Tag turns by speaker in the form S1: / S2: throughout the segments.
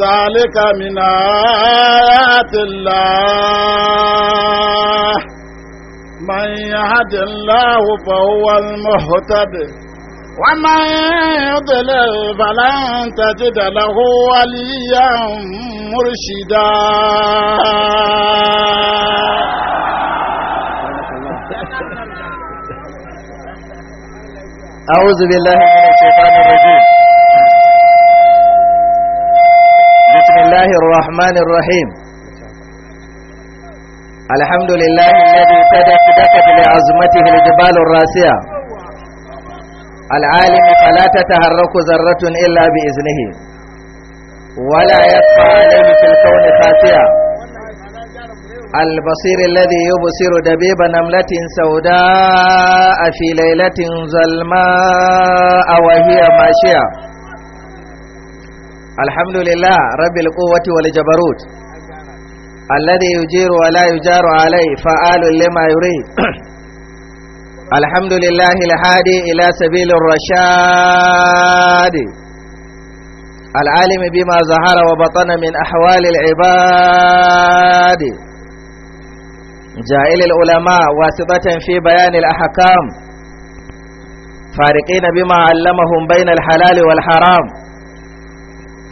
S1: ذلك من آيات الله من يهد الله فهو المهتد ومن يضلل فلن تجد له وليا مرشدا
S2: أعوذ بالله من الشيطان الله الرحمن الرحيم الحمد لله الذي تدت لعظمته الجبال الراسية العالم فلا تتحرك ذرة إلا بإذنه ولا يبقى عليه في الكون خافية البصير الذي يبصر دبيب نملة سوداء في ليلة ظلماء وهي ماشية الحمد لله رب القوة والجبروت الذي يجير ولا يجار عليه فآل لما يريد الحمد لله الهادي إلى سبيل الرشاد العالم بما ظهر وبطن من أحوال العباد جائل العلماء واسطة في بيان الأحكام فارقين بما علمهم بين الحلال والحرام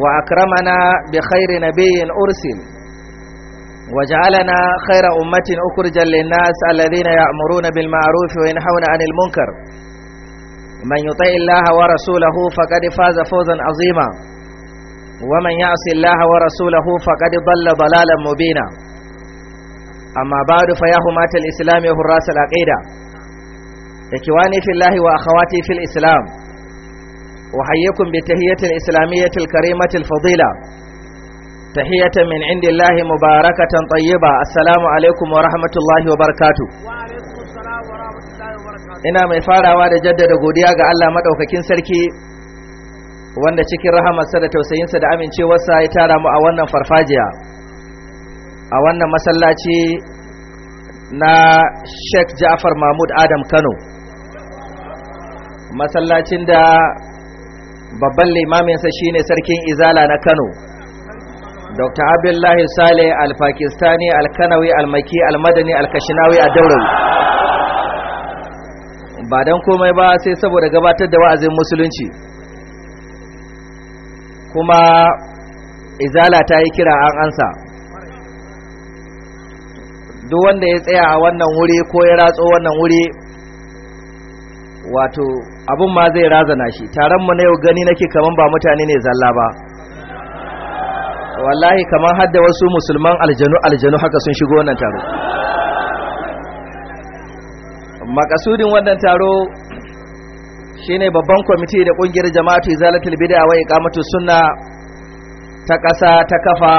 S2: وأكرمنا بخير نبي أرسل وجعلنا خير أمة أخرجا للناس الذين يأمرون بالمعروف وينحون عن المنكر من يطع الله ورسوله فقد فاز فوزا عظيما ومن يعص الله ورسوله فقد ضل ضلالا مبينا أما بعد فيا الإسلام الإسلام الراس العقيدة إخواني في الله وأخواتي في الإسلام أحييكم بتهية الإسلامية الكريمة الفضيلة تحية من عند الله مباركة طيبة السلام عليكم ورحمة الله وبركاته ina mai farawa da jaddada godiya ga Allah maɗaukakin sarki wanda cikin rahamarsa da tausayinsa da amincewarsa ya tara mu a wannan farfajiya a wannan masallaci na Sheikh Ja'far Mahmud Adam Kano masallacin da babban limaminsa shine sarkin izala na kano dr abdullahi saleh al-pakistani al-kanawi al-maki al-madani al-kashinawi a daurawi ba don komai ba sai saboda gabatar da wa'azin musulunci kuma izala ta yi kira an ansa duk wanda ya tsaya a wannan wuri ko ya ratso wannan wuri wato abin ma zai razana shi taron mu na yau gani nake kaman ba mutane ne zalla ba wallahi kaman hadda wasu musulman aljanu aljanu haka sun shigo wannan taro makasudin wannan taro shine babban kwamiti da kungiyar jama'atu izalatul bid'a wa iqamatu sunna ta kasa ta kafa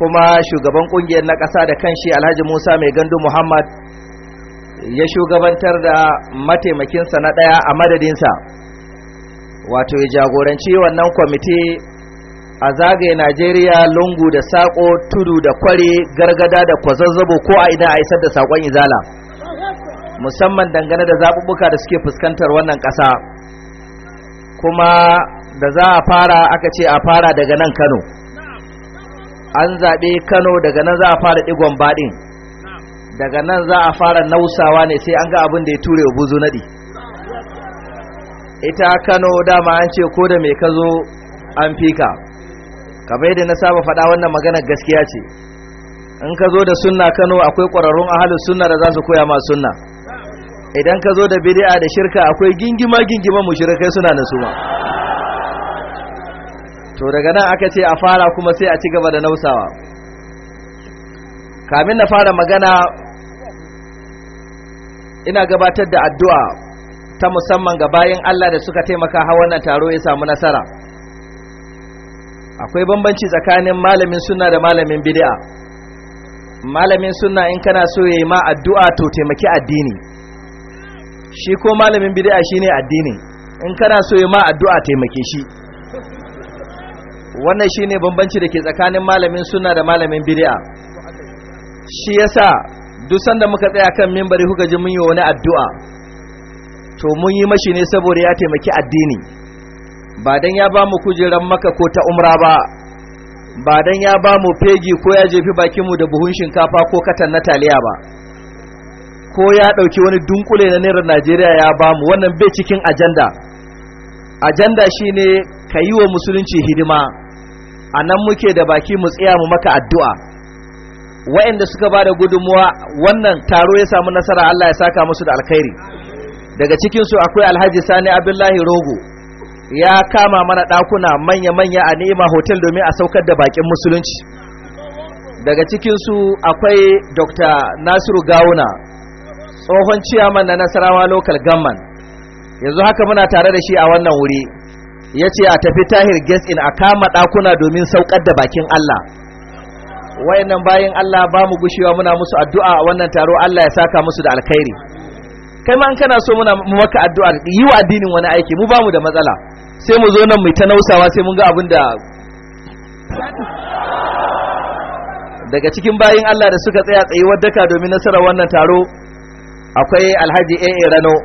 S2: kuma shugaban kungiyar na ƙasa da kanshi Alhaji Musa Mai Gandu Muhammad ya shugabantar da mataimakinsa na ɗaya a madadinsa wato ya jagoranci wannan kwamiti a zagaye najeriya lungu da sako tudu da kware gargada da kwazazzabo ko a ina a isar da sakon izala musamman dangane da zaɓuɓɓuka da suke fuskantar wannan ƙasa kuma da za a fara aka ce a fara daga nan kano an zaɓe kano daga nan za a fara ɗigon baɗin daga nan za a fara nausawa ne sai an ga abin da ya ture buzu nadi ita kano dama an ce ko da mai ka zo an fika kamar yadda na saba faɗa wannan magana gaskiya ce in ka zo da sunna kano akwai ƙwararrun ahalin sunna da za su koya ma sunna idan ka zo da Bidiya da shirka akwai gingima gingima mushrikai suna nasuma to daga nan aka ce a fara kuma sai a ci gaba da nausawa kamin na fara magana ina gabatar da addu'a ta musamman ga bayan Allah da suka taimaka ha wannan taro ya samu nasara akwai bambanci tsakanin malamin sunna da malamin bid'a malamin sunna in kana so yayi ma addu'a to taimaki addini shi ko malamin bid'a shine addini in kana so yayi ma addu'a taimake shi wannan shine bambanci da ke tsakanin malamin sunna da malamin bid'a shi yasa duk sanda muka tsaya kan mimbari kuka ji mun yi wani addu'a to mun yi mashi ne saboda ya taimaki addini ba dan ya ba mu kujeran maka ko ta umra ba ba dan ya ba mu fegi ko ya jefi bakin mu da buhun shinkafa ko katan na taliya ba ko ya dauki wani dunkule na naira Najeriya ya ba mu wannan bai cikin ajanda ajanda shine kayi wa musulunci hidima anan muke da baki mu tsaya mu maka addu'a waɗanda suka ba da gudunmuwa wannan taro ya samu nasara Allah ya saka musu da alkhairi daga cikinsu akwai alhaji sani abdullahi rogo ya kama mana ɗakuna manya-manya a ni'ima hotel domin a saukar da bakin musulunci daga cikinsu akwai dr nasiru gawuna tsohon ciyaman na nasarawa local gamman yanzu haka muna tare da shi a wannan wuri ya ce a tafi tahir guest in a kama ɗakuna domin saukar da bakin allah wayannan bayin Allah ba mu gushewa muna musu addu'a a wannan taro Allah ya saka musu da alkhairi kai ma an kana so muna mu maka addu'a yi wa addinin wani aiki mu ba mu da matsala sai mu zo nan mu ta nausawa sai mun ga abin da daga cikin bayin Allah da suka tsaya wadda daka domin nasarar wannan taro akwai Alhaji AA Rano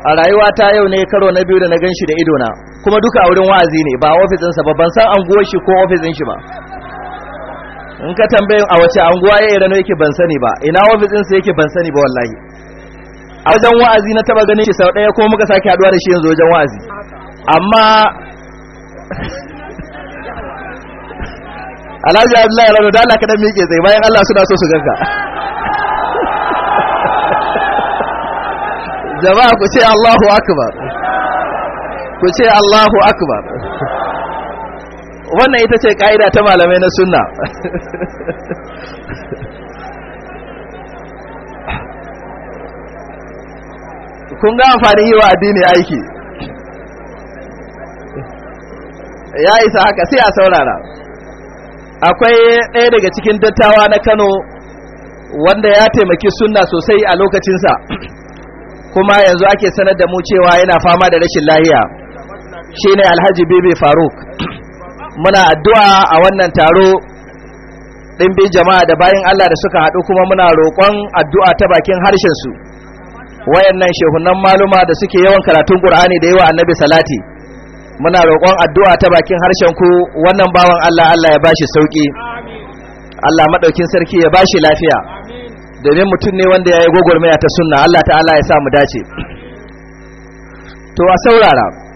S2: a rayuwa ta yau ne karo na biyu da na ganshi da idona kuma duka a wurin wa'azi ne ba ofisinsa ba ban san an shi ko ofisin shi ba in ka tambayin a wace anguwa ya irano yake ban sani ba ina ofis sa yake ban sani ba wallahi a wajen wa'azi na taba ganin shi sau ɗaya kuma muka sake haɗuwa da shi yanzu wajen wa'azi amma alhaji abdullahi rano da Allah ka dan miƙe tsaye bayan Allah suna so su ganka jama'a ku ce Allahu akbar ku ce Allahu akbar wannan ita ce ƙa'ida ta malamai na sunna kun ga amfani yi wa addini aiki ya isa haka sai a saurara akwai ɗaya daga cikin dattawa na kano wanda ya taimaki sunna sosai a lokacinsa kuma yanzu ake sanar da mu cewa yana fama da rashin lahiya shine alhaji bibi faruk muna addu'a a wannan taro ɗimbi jama'a da bayan Allah da suka haɗu kuma muna roƙon addu'a ta bakin harshensu wayannan shehunan maluma da suke yawan karatun ƙur'ani da yawa annabi salati muna roƙon addu'a ta bakin harshen ku wannan bawan Allah Allah ya ba shi sauƙi Allah maɗaukin sarki ya ba shi lafiya domin mutum ne wanda ya yi gwagwarmaya ta sunna Allah ta'ala ya sa mu dace to a saurara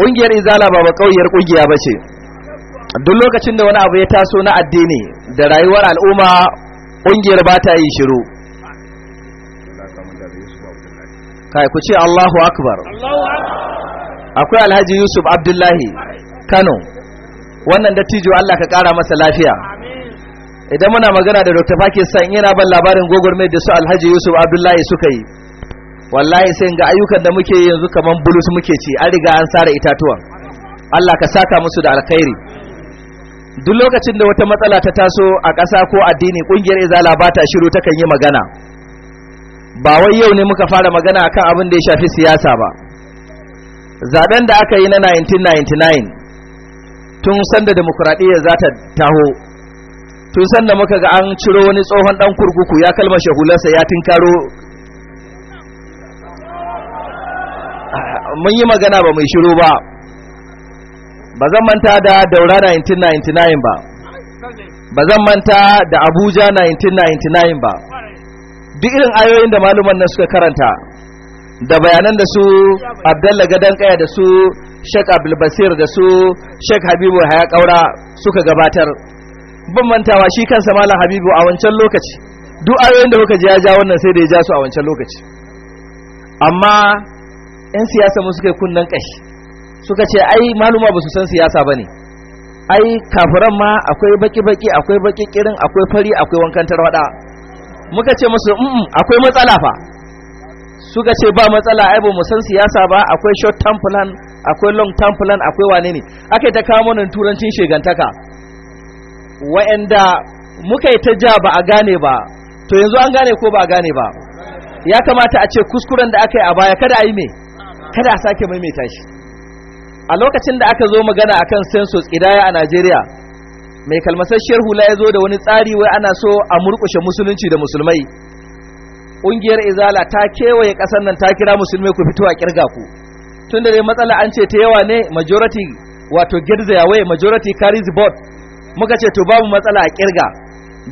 S2: ƙungiyar izala ba ba ƙauyar ƙungiya ba ce duk lokacin da wani abu ya taso na addini da rayuwar al'umma ƙungiyar ba ta yi shiru kai ku ce allahu akbar akwai alhaji yusuf abdullahi kano wannan dattijo allah ka ƙara masa lafiya idan muna magana da dr san yana ban labarin gogor mai da su alhaji yusuf abdullahi suka yi wallahi sai ga ayyukan da muke yanzu kamar bulus muke ci an riga an sare itatuwan Allah ka saka musu da alkhairi duk lokacin da wata matsala ta taso a ƙasa ko addini ƙungiyar izala ba ta shiru takan yi magana ba wai yau ne muka fara magana akan abin da ya shafi siyasa ba zaben da aka yi na 1999 tun sanda demokuraɗiyya za ta taho tun sanda muka ga an ciro wani tsohon dan kurkuku ya kalmashe hularsa ya tinkaro mun yi magana ba mai shiru ba ba zan manta da daura 1999 ba ba zan manta da abuja 1999 ba duk irin ayoyin da maluman nan suka karanta da bayanan da su abdalla gadon kaya da su shek abdulbasir da su shek habibu haya kaura suka gabatar ban mantawa shi kansa malam habibu a wancan lokaci duk ayoyin da kuka ji ya ja wannan sai da ya ja su a wancan lokaci amma 'yan siyasa mun suka yi kunnen ƙashi suka ce ai maluma ba su san siyasa ba ne ai kafiran ma akwai baki-baki akwai baki kirin akwai fari akwai wankan tarwada muka ce musu mm akwai matsala fa suka ce ba matsala ai ba mu san siyasa ba akwai short term plan akwai long term plan akwai wane ne aka ta kawo mana turancin shegantaka wa'anda muka yi ta ja ba a gane ba to yanzu an gane ko ba a gane ba ya kamata a ce kuskuren da aka yi a baya kada a yi me kada a sake maimaita shi a lokacin da aka zo magana akan census kidaya a Najeriya mai kalmasasshiyar hula ya zo da wani tsari wai ana so a murkushe musulunci da musulmai ƙungiyar izala ta kewaye ƙasar nan ta kira musulmai ku fito a kirga ku Tunda da dai matsala an ce ta yawa ne majority wato girzayawe majority carries board muka ce to babu matsala a kirga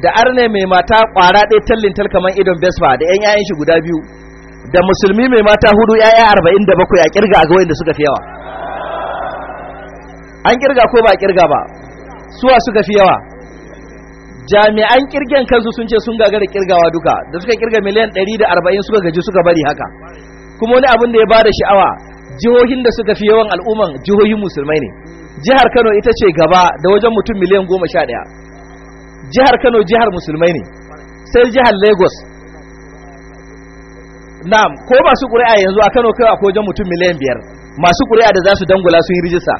S2: da arne mai mata kwara ɗaya tallin talkaman idon besfa da 'yan 'ya'yan shi guda biyu da musulmi mai mata hudu yaya arba'in da bakwai a kirga ga wanda suka fi yawa an kirga ko ba a kirga ba suwa suka fi yawa jami'an kirgen kansu sun ce sun gagara kirgawa duka da suka kirga miliyan 140 suka gaji suka bari haka kuma wani abin da ya bada sha'awa jihohin da suka fi yawan al'umman jihohin musulmai ne jihar Kano ita ce gaba da wajen mutum miliyan ɗaya. jihar Kano jihar musulmai ne sai jihar Lagos na'am ko masu ƙuri'a yanzu a Kano kai akwai wajen mutum miliyan biyar masu ƙuri'a da za su dangula sun yi rijista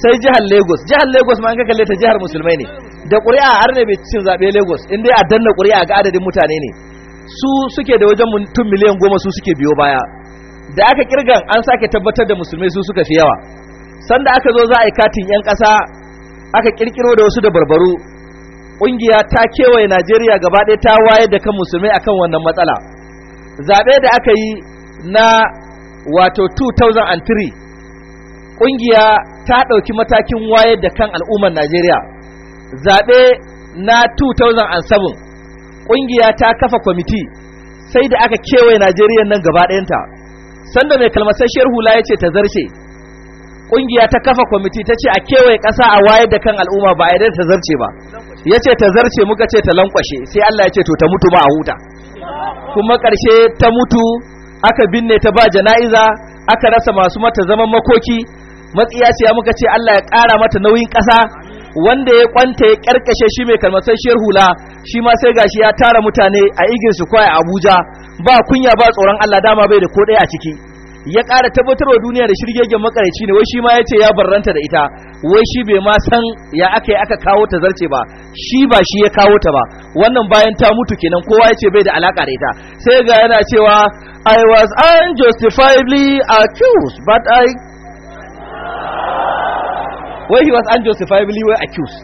S2: sai jihar Lagos jihar Lagos ma an ka kalle ta jihar musulmai ne da ƙuri'a har ne bai cin zaɓe Lagos in dai a danna ƙuri'a ga adadin mutane ne su suke da wajen mutum miliyan goma su suke biyo baya da aka kirgan an sake tabbatar da musulmai su suka fi yawa sanda aka zo za a yi katin 'yan ƙasa aka kirkiro da wasu da barbaru ƙungiya ta kewaye najeriya gaba ɗaya ta wayar da kan musulmai akan wannan matsala zaɓe da aka yi na wato 2003 ƙungiya ta ɗauki matakin wayar da kan al'ummar najeriya zaɓe na 2007 ƙungiya ta kafa kwamiti sai da aka kewaye najeriya nan gaba ɗayanta sanda mai kalmasasshiyar hula ya ce ta zarce ƙungiya ta kafa kwamiti ta ce a kewaye ƙasa a wayar da kan al'umma ba a yadda ta zarce ba ya ce ta zarce muka ce ta lankwashe sai allah ya ce to ta mutu ma a huta kuma ƙarshe ta mutu aka binne ta ba jana'iza aka rasa masu mata zaman makoki matsiya matsiyaciya muka ce Allah ya ƙara mata nauyin ƙasa wanda ya kwanta ya ƙarƙashe shi mai kalmasasshiyar hula shi ma sai gashi ya tara mutane a igin su kwaya Abuja ba kunya ba tsoron Allah dama bai da ko ɗaya a ciki ya ƙara tabbatarwa duniya da shirgegen makaraci ne wai shi ma ya ce ya barranta da ita wai shi bai ma san ya aka yi aka kawo ta zarce ba shi ba shi ya kawo ta ba wannan bayan ta mutu kenan kowa ya ce bai da alaka da ita sai ga yana cewa I was unjustifiably accused but I Wai he was unjustifiably were accused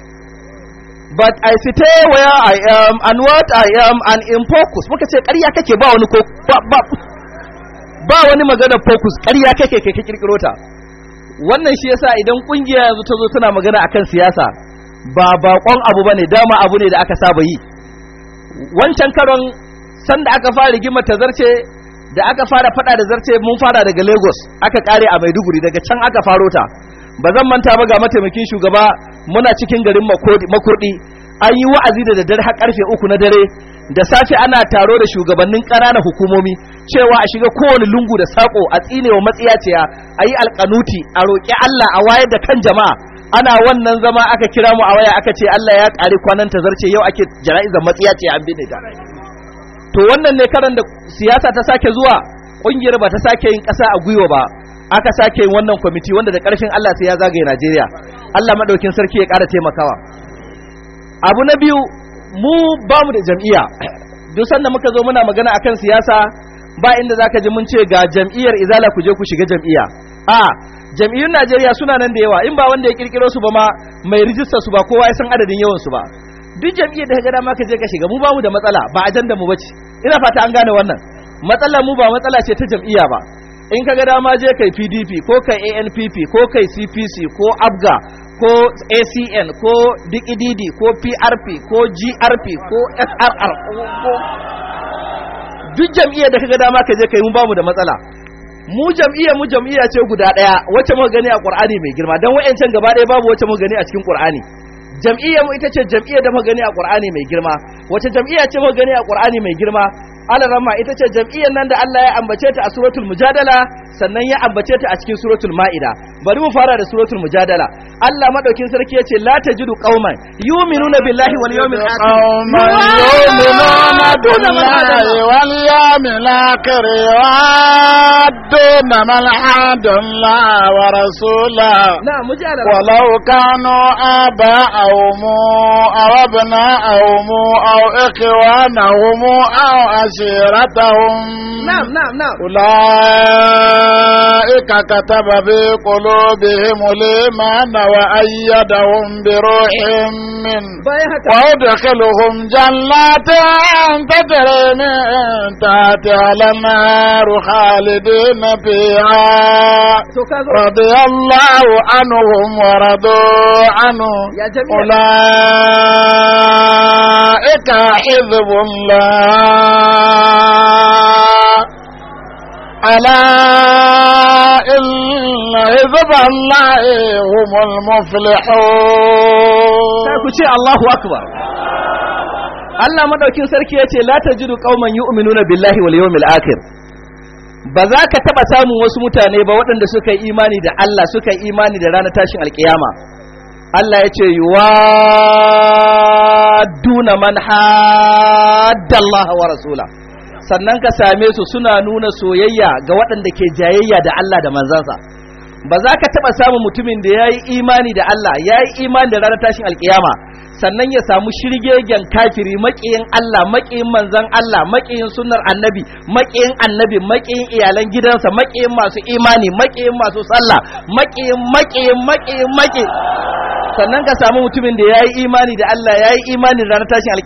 S2: but I stay where I am and what I am and in focus muka ce ƙarya kake ba wani ko ba ba wani magana focus ƙarya kake kai kirkiro ta wannan shi yasa idan kungiya yanzu ta zo tana magana akan siyasa ba bakon abu bane dama abu ne da aka saba yi wancan karon sanda aka fara rigimar ta zarce da aka fara fada da zarce mun fara daga Lagos aka kare a Maiduguri daga can aka faro ta ba zan manta ba ga mataimakin shugaba muna cikin garin makurdi an yi wa'azi da daddare har karfe uku na dare da safe ana taro da shugabannin ƙananan hukumomi cewa a shiga kowane lungu da sako a tsinewa wa matsiyaciya a yi alƙanuti a roƙi Allah a wayar da kan jama'a ana wannan zama aka kira mu a waya aka ce Allah ya ƙari kwanan ta zarce yau ake jana'izar matsiyaciya an binne ta to wannan ne karan da siyasa ta sake zuwa ƙungiyar ba ta sake yin ƙasa a gwiwa ba aka sake yin wannan kwamiti wanda da ƙarshen Allah sai ya zagaye Najeriya Allah madaukin sarki ya ƙara taimakawa abu na biyu mu ba mu da jam'iyya duk sanda muka zo muna magana akan siyasa ba inda zaka ji mun ce ga jam'iyyar izala ku je ku shiga jam'iyya a jam'iyyun Najeriya suna nan da yawa in ba wanda ya kirkiro su ba ma mai rijista su ba kowa ya san adadin yawan su ba duk jam'iyyar da kaga dama ka je ka shiga mu ba mu da matsala ba ajanda mu bace ina fata an gane wannan matsalar mu ba matsala ce ta jam'iyya ba in ka ga dama je kai PDP ko kai ANPP ko kai CPC ko ABGA ko acn ko dikdd e ko prp ko grp ko srr ko duk jam'iyyar da kaga dama ka je kai mu bamu da matsala mu jam'iyyar mu jam'iyya ce guda daya wacce muka gani a qur'ani mai girma dan wayancan gaba daya babu wacce muka gani a cikin qur'ani jam'iyyar mu ita ce jam'iyyar da muka gani a qur'ani mai girma wacce jam'iyya ce muka gani a qur'ani mai girma alarama ita ce jam'iyyar nan da Allah ya ambace ta a suratul mujadala sannan ya ambace ta a cikin suratul ma'ida bari mu fara da suratul mujadala Allah madaukin sarki yace la tajidu qauman yu'minuna billahi wal yawmil akhir yu'minuna billahi wal
S1: yawmil akhir yu'adduna man hadalla wa rasula na mujadala walau kanu aba'ahum aw abna'ahum aw ikhwanahum aw ashiratahum na. na'am na'am ulaika kataba bi qulubihim قلوبهم بهم الإيمان وأيدهم بروح من وأدخلهم جنات تجري من تحتها الأنهار خالدين فيها رضي الله عنهم ورضوا عنه أولئك حزب الله
S2: ألا إن
S1: حزب الله هم المفلحون
S2: الله أكبر Allah madaukin sarki ya ce la tajidu qauman yu'minuna billahi wal yawmil akhir ba za ka taba samun wasu mutane ba waɗanda suka yi imani da Allah suka yi imani da ranar tashin alkiyama Allah ya ce yuwaduna man haddallaha wa rasula sannan ka same su suna nuna soyayya ga waɗanda ke jayayya da Allah da manzansa ba za ka taɓa samun mutumin da ya yi imani da Allah ya yi imani da ranar tashin alkiyama sannan ya samu shirgegen kafiri maƙiyin Allah maƙiyin manzan Allah maƙiyin sunnar annabi maƙiyin annabi maƙiyin iyalan gidansa maƙiyin masu imani maƙiyin masu sallah maƙiyin maƙiyin maƙiyin maƙi. sannan ka samu mutumin da ya yi imani da Allah ya yi imani da ranar tashin